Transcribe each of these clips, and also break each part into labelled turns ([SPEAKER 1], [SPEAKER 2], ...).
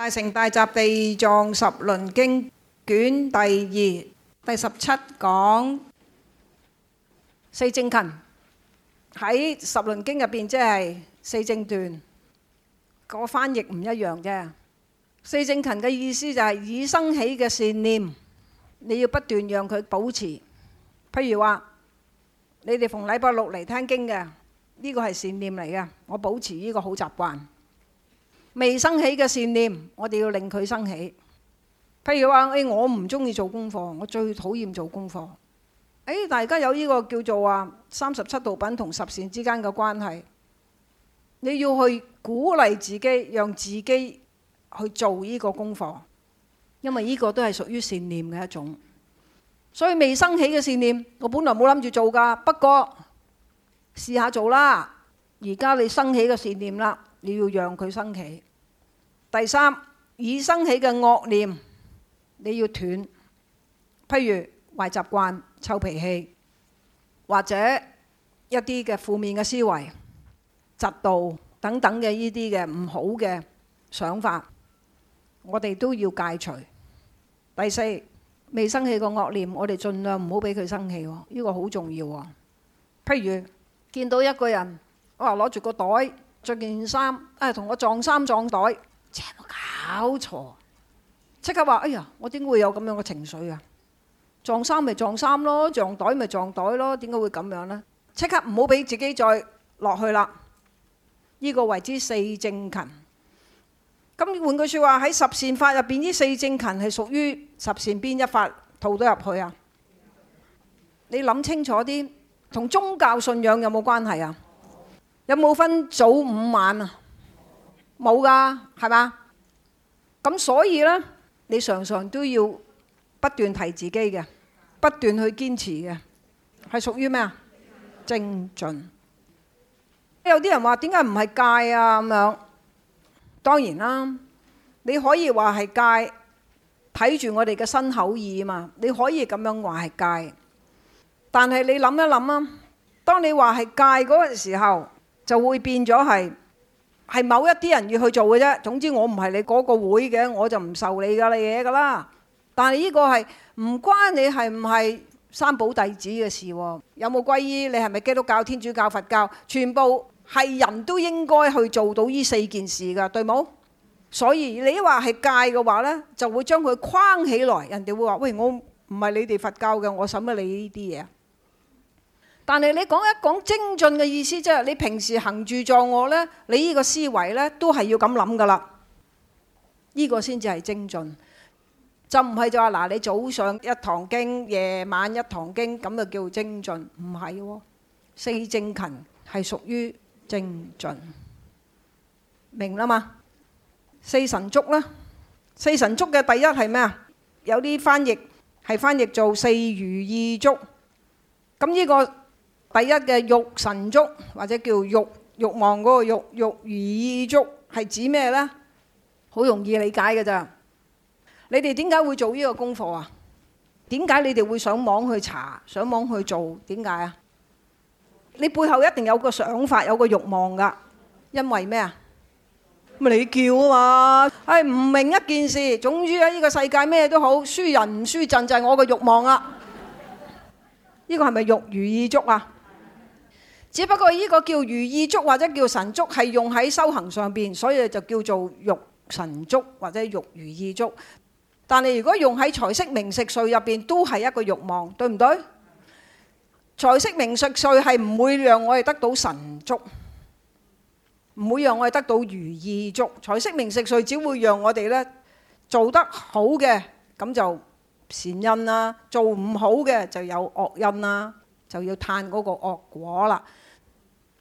[SPEAKER 1] 大乘大集地藏十輪經卷第二，第十七講，四正勤喺十輪經入邊即係四正斷個翻譯唔一樣啫。四正勤嘅意思就係已生起嘅善念，你要不斷讓佢保持。譬如話你哋逢禮拜六嚟聽經嘅，呢個係善念嚟嘅，我保持呢個好習慣。未升起嘅善念，我哋要令佢升起。譬如話，誒、哎，我唔中意做功課，我最討厭做功課。誒、哎，大家有呢個叫做話三十七道品同十善之間嘅關係，你要去鼓勵自己，讓自己去做呢個功課，因為呢個都係屬於善念嘅一種。所以未升起嘅善念，我本來冇諗住做㗎，不過試下做啦。而家你升起嘅善念啦。你要讓佢生起。第三，已生起嘅惡念，你要斷。譬如壞習慣、臭脾氣，或者一啲嘅負面嘅思維、嫉妒等等嘅呢啲嘅唔好嘅想法，我哋都要戒除。第四，未生起嘅惡念，我哋儘量唔好俾佢生起喎。呢個好重要喎。譬如見到一個人，哇，攞住個袋。着件衫，哎，同我撞衫撞袋，真係冇搞錯，啊。即刻話：哎呀，我點會有咁樣嘅情緒啊？撞衫咪撞衫咯，撞袋咪撞袋咯，點解會咁樣呢？即刻唔好俾自己再落去啦！呢個謂之四正勤。咁換句說話，喺十善法入邊，呢四正勤係屬於十善邊一法，套咗入去啊？你諗清楚啲，同宗教信仰有冇關係啊？有冇分早午晚啊？冇噶，係嘛？咁所以呢，你常常都要不斷提自己嘅，不斷去堅持嘅，係屬於咩啊？精進。有啲人話：點解唔係戒啊？咁樣當然啦，你可以話係戒，睇住我哋嘅身口意啊嘛，你可以咁樣話係戒。但係你諗一諗啊，當你話係戒嗰個時候。就會變咗係係某一啲人要去做嘅啫。總之我唔係你嗰個會嘅，我就唔受你噶嘢噶啦。但係呢個係唔關你係唔係三寶弟子嘅事，啊，有冇皈依？你係咪基督教、天主教、佛教？全部係人都應該去做到呢四件事噶，對冇？所以你話係戒嘅話呢，就會將佢框起來，人哋會話：喂，我唔係你哋佛教嘅，我審乜你呢啲嘢。但係你講一講精進嘅意思，即係你平時行住坐臥咧，你依個思維咧都係要咁諗噶啦。依個先至係精進，就唔係就話嗱，你早上一堂經，夜晚一堂經咁就叫精進，唔係喎。四正勤係屬於精進，明啦嘛？四神足咧，四神足嘅第一係咩啊？有啲翻譯係翻譯做四如意足，咁依個。第一嘅欲神足，或者叫欲慾望嗰個欲如意足，係指咩呢？好容易理解嘅咋？你哋點解會做呢個功課啊？點解你哋會上網去查、上網去做？點解啊？你背後一定有個想法、有個慾望噶，因為咩啊？咁你叫啊嘛？係、哎、唔明一件事，總之喺呢個世界咩都好，輸人唔輸陣就係、是、我嘅慾望 個是是啊！呢個係咪欲如意足啊？只不過呢個叫如意足，或者叫神足，係用喺修行上邊，所以就叫做欲神足，或者欲如意足。但係如果用喺財色名食睡入邊，都係一個慾望，對唔對？嗯，財色名食睡係唔會讓我哋得到神足，唔會讓我哋得到如意足。財色名食睡只會讓我哋咧做得好嘅咁就善因啦，做唔好嘅就有惡因啦，就要嘆嗰個惡果啦。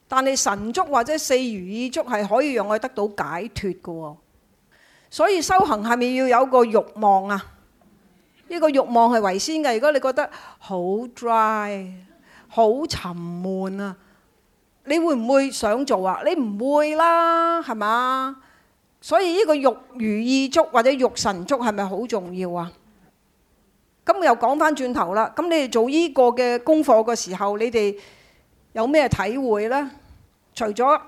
[SPEAKER 1] 但你神足或者四如意足係可以讓我得到解脱噶，所以修行係咪要有個欲望啊？呢個欲望係為先嘅。如果你覺得好 dry、好沉悶啊，你會唔會想做啊？你唔會啦，係咪？所以呢個欲如意足或者欲神足係咪好重要啊？咁又講翻轉頭啦。咁你哋做呢個嘅功課嘅時候，你哋。有咩體會呢？除咗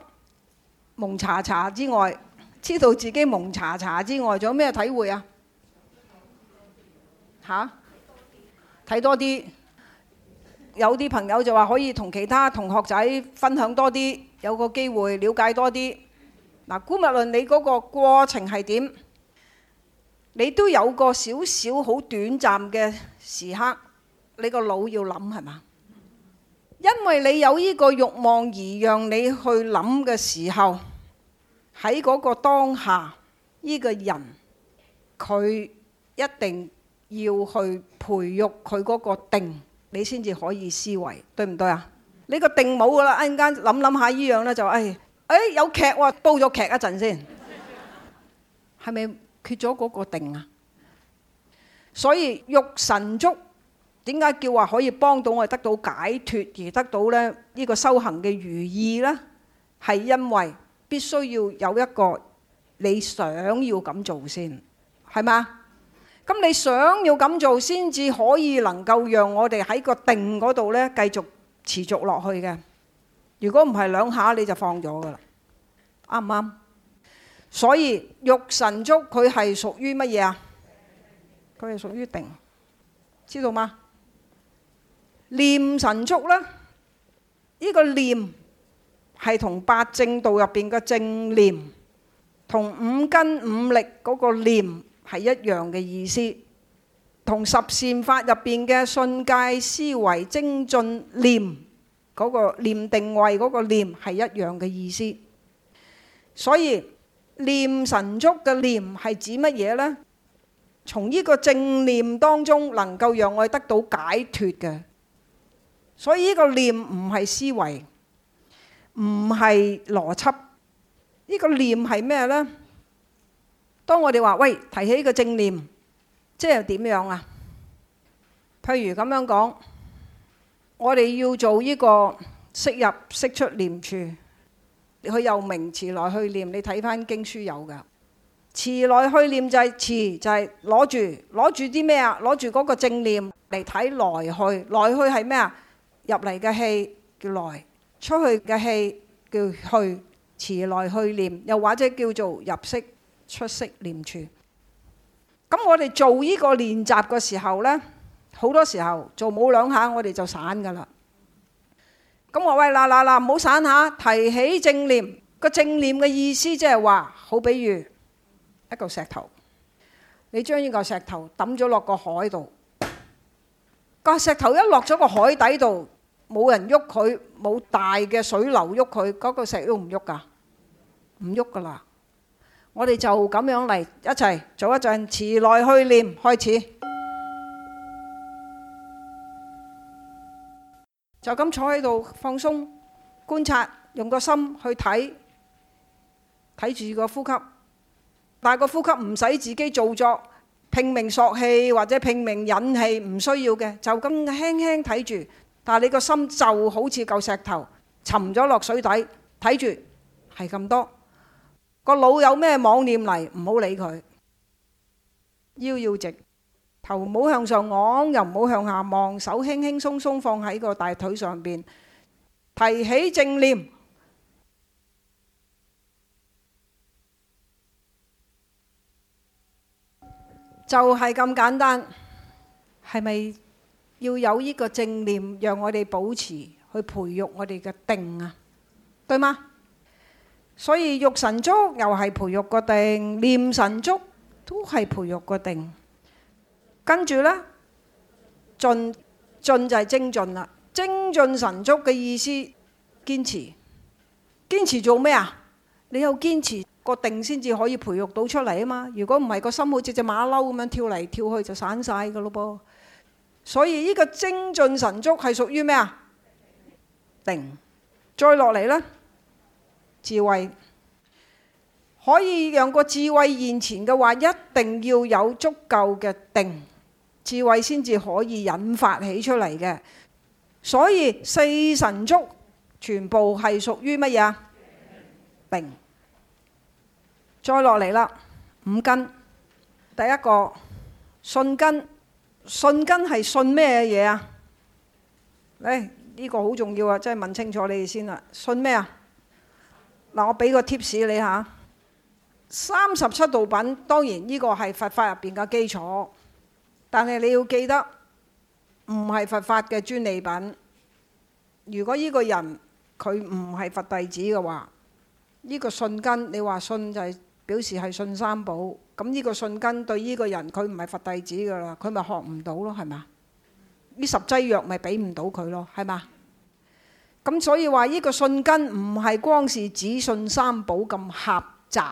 [SPEAKER 1] 蒙查查之外，知道自己蒙查查之外，仲有咩體會啊？嚇？睇多啲，有啲朋友就話可以同其他同學仔分享多啲，有個機會了解多啲。嗱，姑勿論你嗰個過程係點，你都有個少少好短暫嘅時刻，你個腦要諗係嘛？因為你有呢個慾望而讓你去諗嘅時候，喺嗰個當下，呢、這個人佢一定要去培育佢嗰個定，你先至可以思維，對唔對？嗯想想哎哎、啊？你 個定冇㗎啦，一陣間諗諗下依樣咧就誒誒有劇喎，煲咗劇一陣先，係咪缺咗嗰個定啊？所以欲神足。點解叫話可以幫到我哋得到解脫而得到咧呢個修行嘅如意咧？係因為必須要有一個你想要咁做先，係嘛？咁你想要咁做先至可以能夠讓我哋喺個定嗰度咧繼續持續落去嘅。如果唔係兩下你就放咗噶啦，啱唔啱？所以欲神足佢係屬於乜嘢啊？佢係屬於定，知道嗎？念神足呢，呢個念係同八正道入邊嘅正念，同五根五力嗰個念係一樣嘅意思，同十善法入邊嘅信、戒、思惟、精進、念嗰個念定位嗰個念係一樣嘅意思。所以念神足嘅念係指乜嘢呢？從呢個正念當中，能夠讓我哋得到解脱嘅。所以呢個念唔係思維，唔係邏輯。呢個念係咩呢？當我哋話喂，提起個正念，即係點樣啊？譬如咁樣講，我哋要做呢個識入識出念處，佢又名詞來去念。你睇翻經書有噶，詞來去念就係詞，就係攞住攞住啲咩啊？攞住嗰個正念嚟睇來去，來去係咩啊？入嚟嘅氣叫來，出去嘅氣叫去，持來去念，又或者叫做入息出息念處。咁我哋做呢個練習嘅時候呢，好多時候做冇兩下我哋就散㗎喇。咁我話喂嗱嗱嗱，唔好散下，提起正念。個正念嘅意思即係話，好比喻，一嚿石頭，你將呢嚿石頭揼咗落個海度。個石頭一落咗個海底度，冇人喐佢，冇大嘅水流喐佢，嗰個石喐唔喐噶？唔喐噶啦！我哋就咁樣嚟一齊做一陣，持內去念開始，就咁坐喺度放鬆觀察，用個心去睇，睇住個呼吸，但係個呼吸唔使自己做作，拼命索氣或者拼命忍氣，唔需要嘅，就咁輕輕睇住。但係你個心就好似嚿石頭沉咗落水底，睇住係咁多個腦有咩妄念嚟，唔好理佢。腰要直，頭唔好向上昂，又唔好向下望，手輕輕鬆鬆放喺個大腿上邊，提起正念。就係咁簡單，係咪要有呢個正念，讓我哋保持去培育我哋嘅定啊？對嗎？所以欲神足又係培育個定，念神足都係培育個定。跟住呢，進進就係精進啦。精進神足嘅意思，堅持，堅持做咩啊？你又堅持。個定先至可以培育到出嚟啊嘛！如果唔係，個心好似隻馬騮咁樣跳嚟跳去，就散晒，噶咯噃。所以呢個精進神足係屬於咩啊？定。再落嚟啦，智慧可以讓個智慧現前嘅話，一定要有足夠嘅定，智慧先至可以引發起出嚟嘅。所以四神足全部係屬於乜嘢啊？定。再落嚟啦，五根，第一個信根，信根係信咩嘢啊？呢、哎呢個好重要啊！真係問清楚你哋先啦，信咩啊？嗱，我俾個貼士你嚇，三十七道品當然呢個係佛法入邊嘅基礎，但係你要記得唔係佛法嘅專利品。如果呢個人佢唔係佛弟子嘅話，呢、呢個信根你話信就係、是。表示係信三寶，咁呢個信根對呢個人，佢唔係佛弟子噶啦，佢咪學唔到咯，係咪？呢十劑藥咪俾唔到佢咯，係嘛？咁所以話呢個信根唔係光是指信三寶咁狹窄，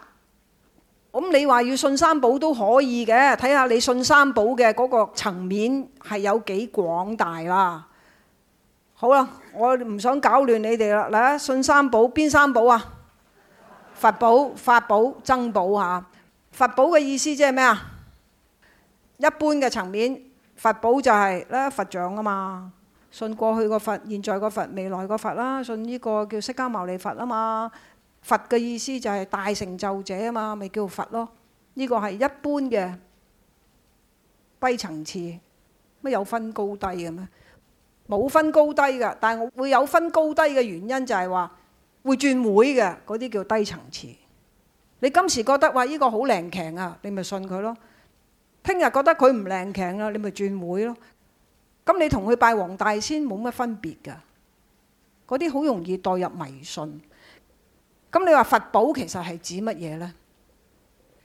[SPEAKER 1] 咁你話要信三寶都可以嘅，睇下你信三寶嘅嗰個層面係有幾廣大啦。好啦，我唔想搞亂你哋啦，嗱，信三寶邊三寶啊？佛寶、法寶、僧寶嚇。佛寶嘅意思即係咩啊？一般嘅層面，佛寶就係咧佛像啊嘛。信過去個佛、現在個佛、未來個佛啦，信呢個叫釋迦牟尼佛啊嘛。佛嘅意思就係大成就者啊嘛，咪叫佛咯。呢、這個係一般嘅低層次，乜有分高低嘅咩？冇分高低噶，但係會有分高低嘅原因就係話，會轉會嘅，嗰啲叫低層次。你今時覺得哇，呢個好靚強啊，你咪信佢咯。聽日覺得佢唔靚強啊，你咪轉會咯。咁你同佢拜黃大仙冇乜分別噶。嗰啲好容易代入迷信。咁你話佛寶其實係指乜嘢呢？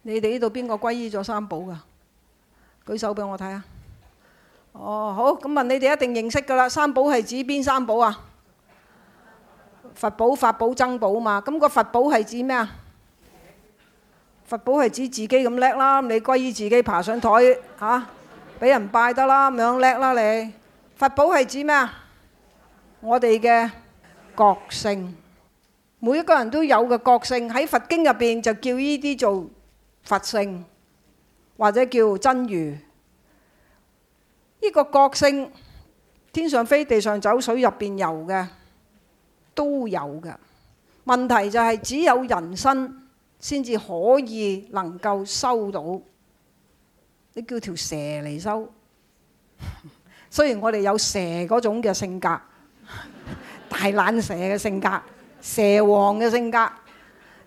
[SPEAKER 1] 你哋呢度邊個皈依咗三寶噶？舉手俾我睇下。哦，好，咁問你哋一定認識噶啦。三寶係指邊三寶啊？佛寶、法寶、僧寶嘛，咁個佛寶係指咩啊？佛寶係指，指自己咁叻啦，你歸於自己爬上台嚇，俾、啊、人拜得啦咁樣叻啦你。佛寶係指咩啊？我哋嘅覺性，每一個人都有嘅覺性，喺佛經入邊就叫呢啲做佛性，或者叫真如。呢、這個覺性，天上飛、地上走、水面游、水入邊遊嘅。都有噶，問題就係只有人身先至可以能夠修到。你叫條蛇嚟修，雖然我哋有蛇嗰種嘅性格，大懶蛇嘅性格、蛇王嘅性格，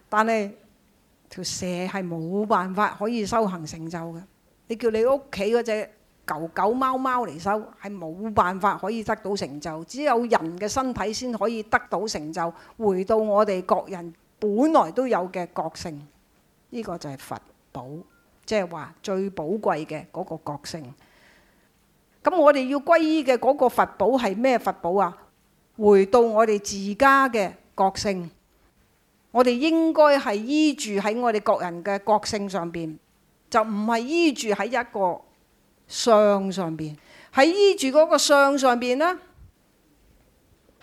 [SPEAKER 1] 但係條蛇係冇辦法可以修行成就嘅。你叫你屋企嗰隻，狗狗貓貓嚟，收係冇辦法可以得到成就，只有人嘅身體先可以得到成就。回到我哋各人本來都有嘅覺性，呢、這個就係佛寶，即係話最寶貴嘅嗰個覺性。咁我哋要皈依嘅嗰個佛寶係咩佛寶啊？回到我哋自家嘅覺性，我哋應該係依住喺我哋各人嘅覺性上邊，就唔係依住喺一個。相上邊喺依住嗰個相上邊咧，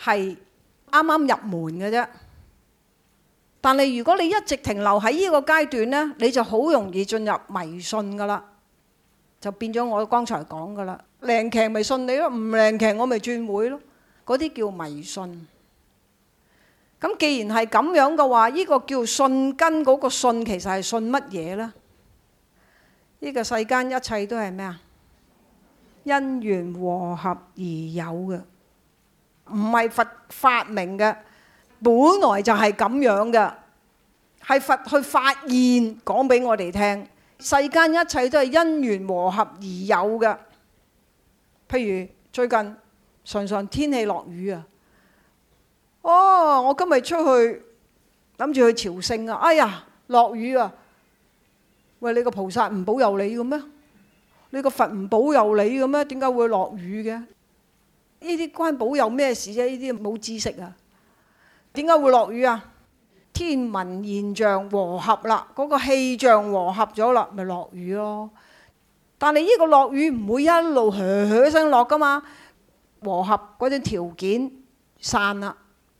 [SPEAKER 1] 係啱啱入門嘅啫。但係如果你一直停留喺呢個階段咧，你就好容易進入迷信噶啦，就變咗我剛才講噶啦，靈奇咪信你咯，唔靈奇我咪轉會咯，嗰啲叫迷信。咁既然係咁樣嘅話，呢個叫信根嗰個信，其實係信乜嘢咧？呢個世間一切都係咩啊？因緣和合而有嘅，唔係佛發明嘅，本來就係咁樣嘅，係佛去發現講俾我哋聽。世間一切都係因緣和合而有嘅。譬如最近常常天氣落雨啊，哦，我今日出去諗住去朝聖啊，哎呀，落雨啊，喂，你個菩薩唔保佑你嘅咩？你個佛唔保佑你咁咩？點解會落雨嘅？呢啲關保佑咩事啫？呢啲冇知識啊！點解會落雨啊？天文現象和合啦，嗰、那個氣象和合咗啦，咪落雨咯。但係呢個落雨唔會一路㗎聲落㗎嘛。和合嗰啲條件散啦，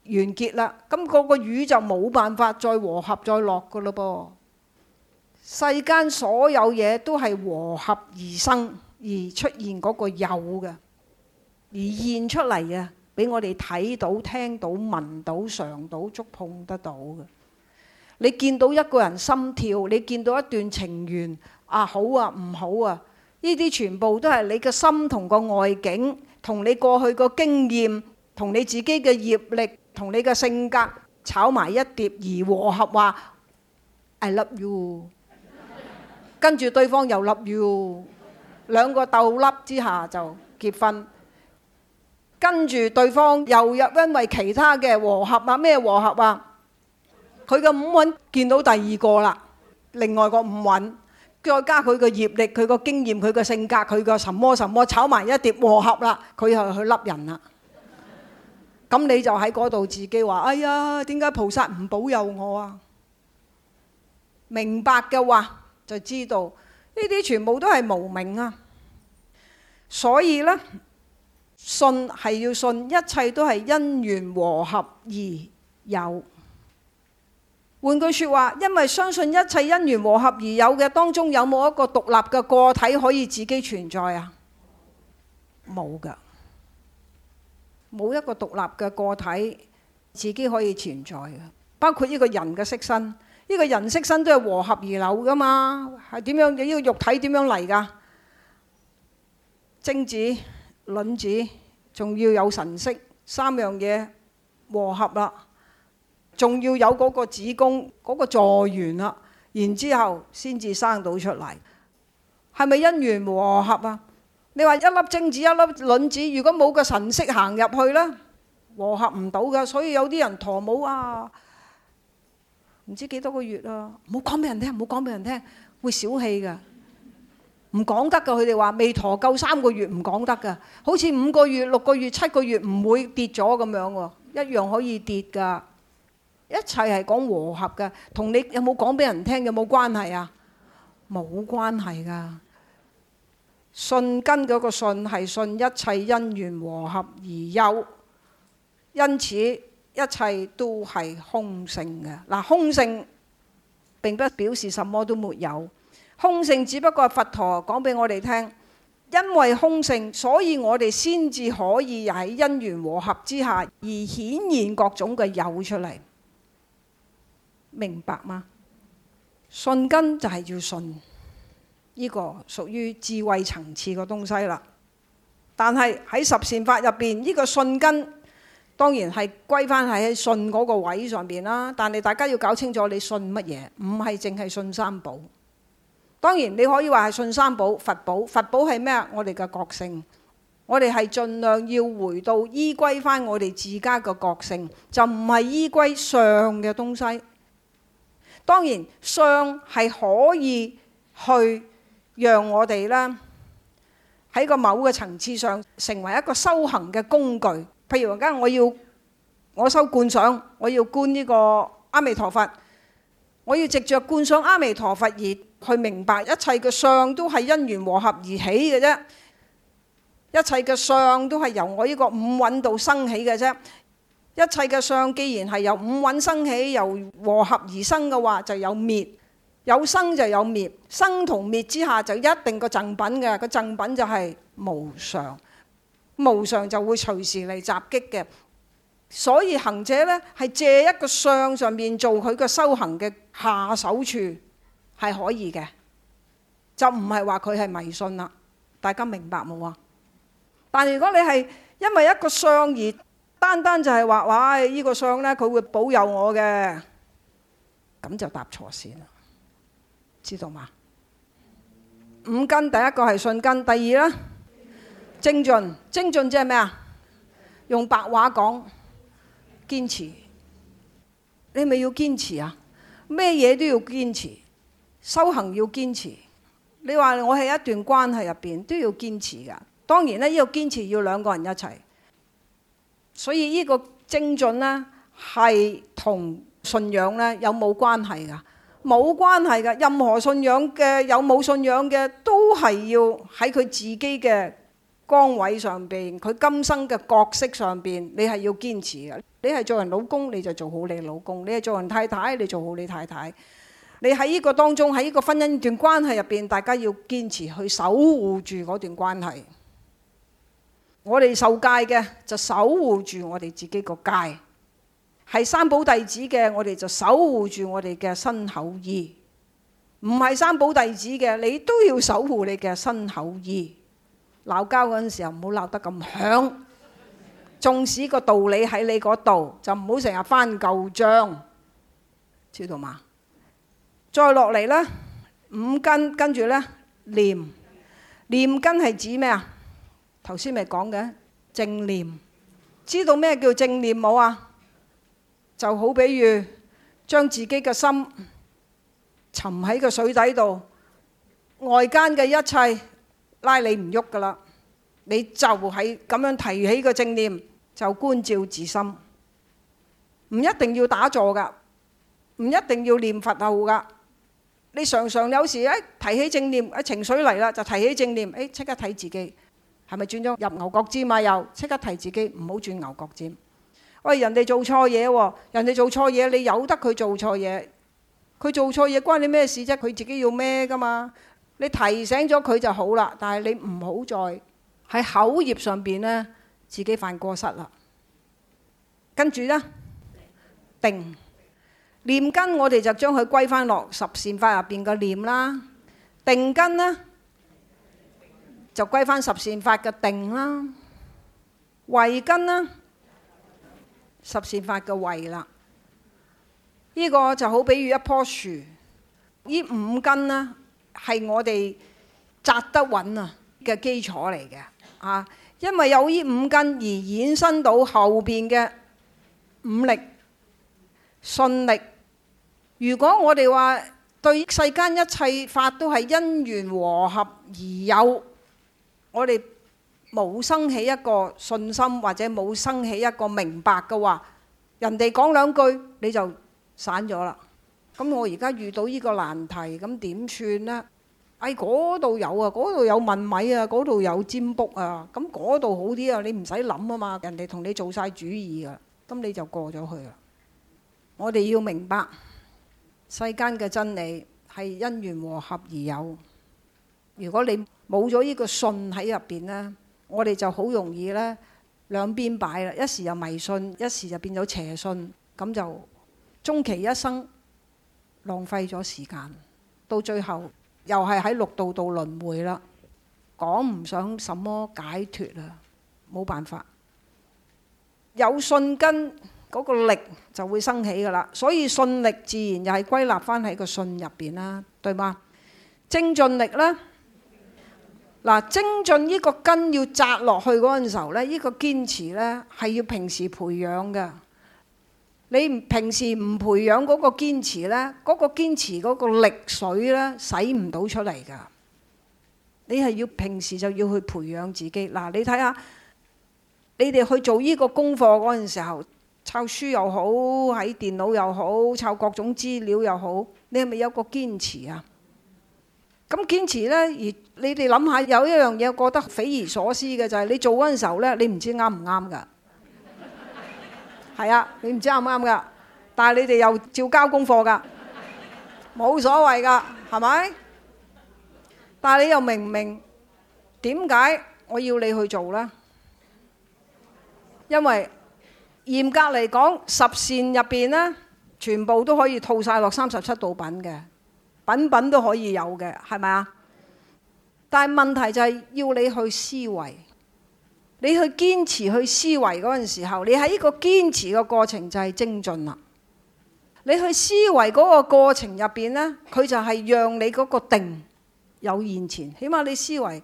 [SPEAKER 1] 完結啦，咁、那、嗰個雨就冇辦法再和合再落㗎咯噃。世間所有嘢都係和合而生，而出現嗰個有嘅，而現出嚟嘅，俾我哋睇到、聽到、聞到、嘗到、觸碰得到嘅。你見到一個人心跳，你見到一段情緣，啊好啊，唔好啊，呢啲全部都係你嘅心同個外境，同你過去個經驗，同你自己嘅業力，同你嘅性格炒埋一碟而和合話，I love you。跟住對方又笠要兩個斗笠之下就結婚，跟住對方又因因為其他嘅和合啊，咩和合啊，佢嘅五蘊見到第二個啦，另外個五蘊再加佢嘅業力、佢個經驗、佢個性格、佢個什麼什麼炒埋一碟和合啦，佢就去笠人啦。咁你就喺嗰度自己話：哎呀，點解菩薩唔保佑我啊？明白嘅話。就知道呢啲全部都係無名啊！所以呢，信係要信，一切都係因緣和合而有。換句説話，因為相信一切因緣和合而有嘅當中，有冇一個獨立嘅個體可以自己存在啊？冇㗎，冇一個獨立嘅個體自己可以存在嘅，包括呢個人嘅色身。呢個人色身都係和合而有噶嘛？係點樣？你、這、呢個肉體點樣嚟噶？精子、卵子，仲要有神識三樣嘢和合啦，仲要有嗰個子宮嗰、那個助緣啦，然之後先至生到出嚟。係咪因緣和合啊？你話一粒精子一粒卵子，如果冇個神識行入去呢，和合唔到噶，所以有啲人陀母啊。唔知幾多個月咯、啊，唔好講俾人聽，唔好講俾人聽，會小氣噶，唔講得噶。佢哋話未陀夠三個月唔講得噶，好似五個月、六個月、七個月唔會跌咗咁樣喎，一樣可以跌噶。一切係講和合噶，同你有冇講俾人聽有冇關係啊？冇關係噶，信根嗰個信係信一切因緣和合而有，因此，一切都係空性嘅，嗱，空性並不表示什麼都沒有，空性只不過佛陀講俾我哋聽，因為空性，所以我哋先至可以喺因緣和合之下而顯現各種嘅有出嚟，明白嗎？信根就係要信，呢個屬於智慧層次嘅東西啦。但係喺十善法入邊，呢個信根。當然係歸翻喺信嗰個位上邊啦，但係大家要搞清楚你信乜嘢？唔係淨係信三寶。當然你可以話係信三寶，佛寶，佛寶係咩啊？我哋嘅覺性，我哋係儘量要回到依歸翻我哋自家嘅覺性，就唔係依歸上嘅東西。當然上係可以去讓我哋咧喺個某個層次上成為一個修行嘅工具。譬如我而家我要我修觀想，我要觀呢個阿彌陀佛，我要藉著觀想阿彌陀佛而去明白一切嘅相都係因緣和合而起嘅啫，一切嘅相都係由我呢個五蘊度生起嘅啫，一切嘅相既然係由五蘊生起，由和合而生嘅話，就有滅，有生就有滅，生同滅之下就一定個贈品嘅，個贈品就係無常。無常就會隨時嚟襲擊嘅，所以行者呢係借一個相上面做佢個修行嘅下手處係可以嘅，就唔係話佢係迷信啦。大家明白冇啊？但如果你係因為一個相而單單就係話，喂，呢、呢個相呢，佢會保佑我嘅，咁就答錯線，知道嗎？五根第一個係信根，第二咧。精進，精進即係咩啊？用白話講，堅持。你咪要堅持啊！咩嘢都要堅持，修行要堅持。你話我喺一段關係入邊都要堅持噶。當然咧，呢個堅持要兩個人一齊。所以呢個精進呢，係同信仰呢有冇關係噶？冇關係噶。任何信仰嘅，有冇信仰嘅，都係要喺佢自己嘅。崗位上邊，佢今生嘅角色上邊，你係要堅持嘅。你係做人老公，你就做好你老公；你係做人太太，你做好你太太。你喺呢個當中，喺呢個婚姻段關係入邊，大家要堅持去守護住嗰段關係。我哋受戒嘅就守護住我哋自己個戒，係三寶弟子嘅，我哋就守護住我哋嘅身口意；唔係三寶弟子嘅，你都要守護你嘅身口意。鬧交嗰陣時候，唔好鬧得咁響。 縱使個道理喺你嗰度，就唔好成日翻舊賬，知道嘛？再落嚟呢，五根跟住呢，念，念根係指咩啊？頭先咪講嘅正念，知道咩叫正念冇啊？就好比喻將自己嘅心沉喺個水底度，外間嘅一切。拉你唔喐噶啦，你就係咁樣提起個正念，就觀照自心，唔一定要打坐噶，唔一定要念佛號噶。你常常有時誒提起正念，誒情緒嚟啦，就提起正念，誒即刻睇自己係咪轉咗入牛角尖嘛，啊？又即刻提自己唔好轉牛角尖。喂，人哋做錯嘢，啊，人哋做錯嘢，你由得佢做錯嘢，佢做錯嘢關你咩事啫？佢自己要咩噶嘛？你提醒咗佢就好啦，但係你唔好再喺口業上邊呢，自己犯過失啦。跟住呢，定念根，我哋就將佢歸翻落十善法入邊嘅念啦；定根呢，就歸翻十善法嘅定啦；慧根呢，十善法嘅慧啦。呢個就好比如一棵樹，呢五根呢。係我哋扎得穩啊嘅基礎嚟嘅啊，因為有呢五根而衍生到後邊嘅五力。信力。如果我哋話對世間一切法都係因緣和合而有，我哋冇生起一個信心或者冇生起一個明白嘅話，人哋講兩句你就散咗啦。咁我而家遇到呢個難題，咁點算呢？哎，嗰度有啊，嗰度有問米啊，嗰度有占卜啊。咁嗰度好啲啊，你唔使諗啊嘛，人哋同你做晒主意啊，咁你就過咗去啦。我哋要明白世間嘅真理係因緣和合而有。如果你冇咗呢個信喺入邊呢，我哋就好容易呢兩邊擺啦。一時就迷信，一時就變咗邪信，咁就終其一生。浪費咗時間，到最後又係喺六道度輪迴啦，講唔上什麼解脫啊，冇辦法。有信根嗰個力就會升起噶啦，所以信力自然又係歸納翻喺個信入邊啦，對嘛？精進力呢？嗱，精進呢個根要扎落去嗰陣時候呢，呢個堅持呢，係要平時培養噶。你平時唔培養嗰個堅持呢，嗰、那個堅持嗰個力水呢，使唔到出嚟噶。你係要平時就要去培養自己。嗱、啊，你睇下你哋去做呢個功課嗰陣時候，抄書又好，喺電腦又好，抄各種資料又好，你係咪有個堅持啊？咁堅持呢，而你哋諗下有一樣嘢覺得匪夷所思嘅就係、是、你做嗰陣時候呢，你唔知啱唔啱噶。係啊，你唔知啱唔啱噶，但係你哋又照交功課噶，冇所謂噶，係咪？但係你又明唔明點解我要你去做呢？因為嚴格嚟講，十善入邊呢，全部都可以套晒落三十七道品嘅，品品都可以有嘅，係咪啊？但係問題就係要你去思維。你去堅持去思維嗰陣時候，你喺呢個堅持嘅過程就係精進啦。你去思維嗰個過程入邊呢，佢就係讓你嗰個定有現前。起碼你思維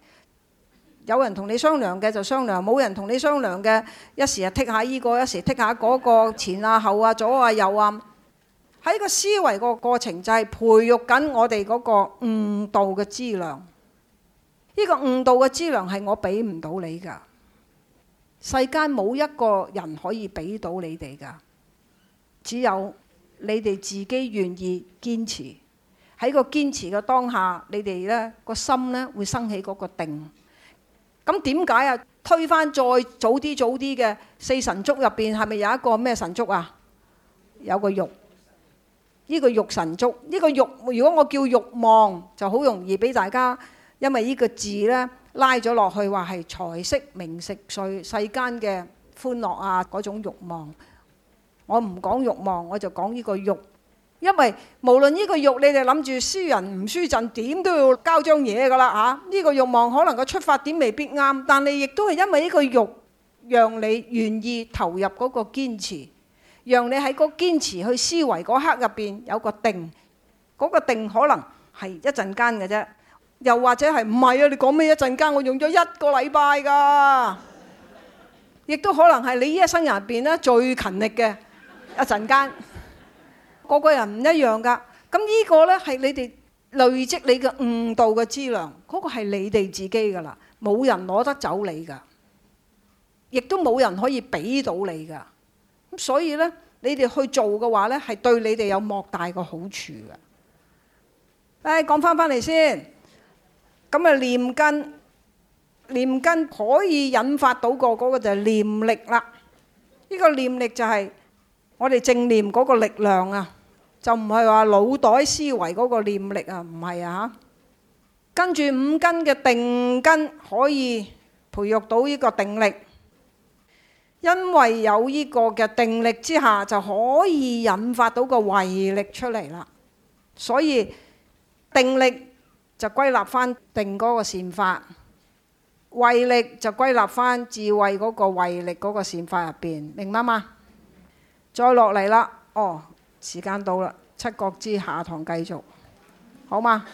[SPEAKER 1] 有人同你商量嘅就商量，冇人同你商量嘅一時啊剔下呢個，一時剔下嗰個前啊後啊左啊右啊。喺個思維個過程就係培育緊我哋嗰個悟道嘅資糧。呢個悟道嘅資糧係我俾唔到你噶。世間冇一個人可以俾到你哋噶，只有你哋自己願意堅持。喺個堅持嘅當下，你哋咧個心咧會生起嗰個定。咁點解啊？推翻再早啲、早啲嘅四神足入邊，係咪有一個咩神足啊？有個欲，呢、這個欲神足，呢、這個欲，如果我叫慾望，就好容易俾大家，因為呢個字咧。拉咗落去，話係財色名食睡世間嘅歡樂啊！嗰種慾望，我唔講慾望，我就講呢個慾，因為無論呢個慾，你哋諗住輸人唔輸陣，點都要交張嘢噶啦嚇。呢個慾望可能個出發點未必啱，但你亦都係因為呢個慾，讓你願意投入嗰個堅持，讓你喺嗰堅持去思維嗰刻入邊有個定，嗰個定可能係一陣間嘅啫。又或者係唔係啊？你講咩一陣間？我用咗一個禮拜㗎，亦 都可能係你呢一生人入邊咧最勤力嘅一陣間。個 個人唔一樣㗎，咁呢個咧係你哋累積你嘅悟道嘅資糧，嗰、那個係你哋自己㗎啦，冇人攞得走你㗎，亦都冇人可以俾到你㗎。咁所以咧，你哋去做嘅話咧，係對你哋有莫大嘅好處嘅。誒、哎，講翻翻嚟先。咁啊，念根念根可以引發到個嗰個就係念力啦。呢個念力就係我哋正念嗰個力量啊，就唔係話腦袋思維嗰個念力啊，唔係啊嚇。跟住五根嘅定根可以培育到呢個定力，因為有呢個嘅定力之下就可以引發到個慧力出嚟啦。所以定力。就歸納翻定嗰個善法，慧力就歸納翻智慧嗰個慧力嗰個善法入邊，明白嗎？再落嚟啦，哦，時間到啦，七覺支下堂繼續，好嗎？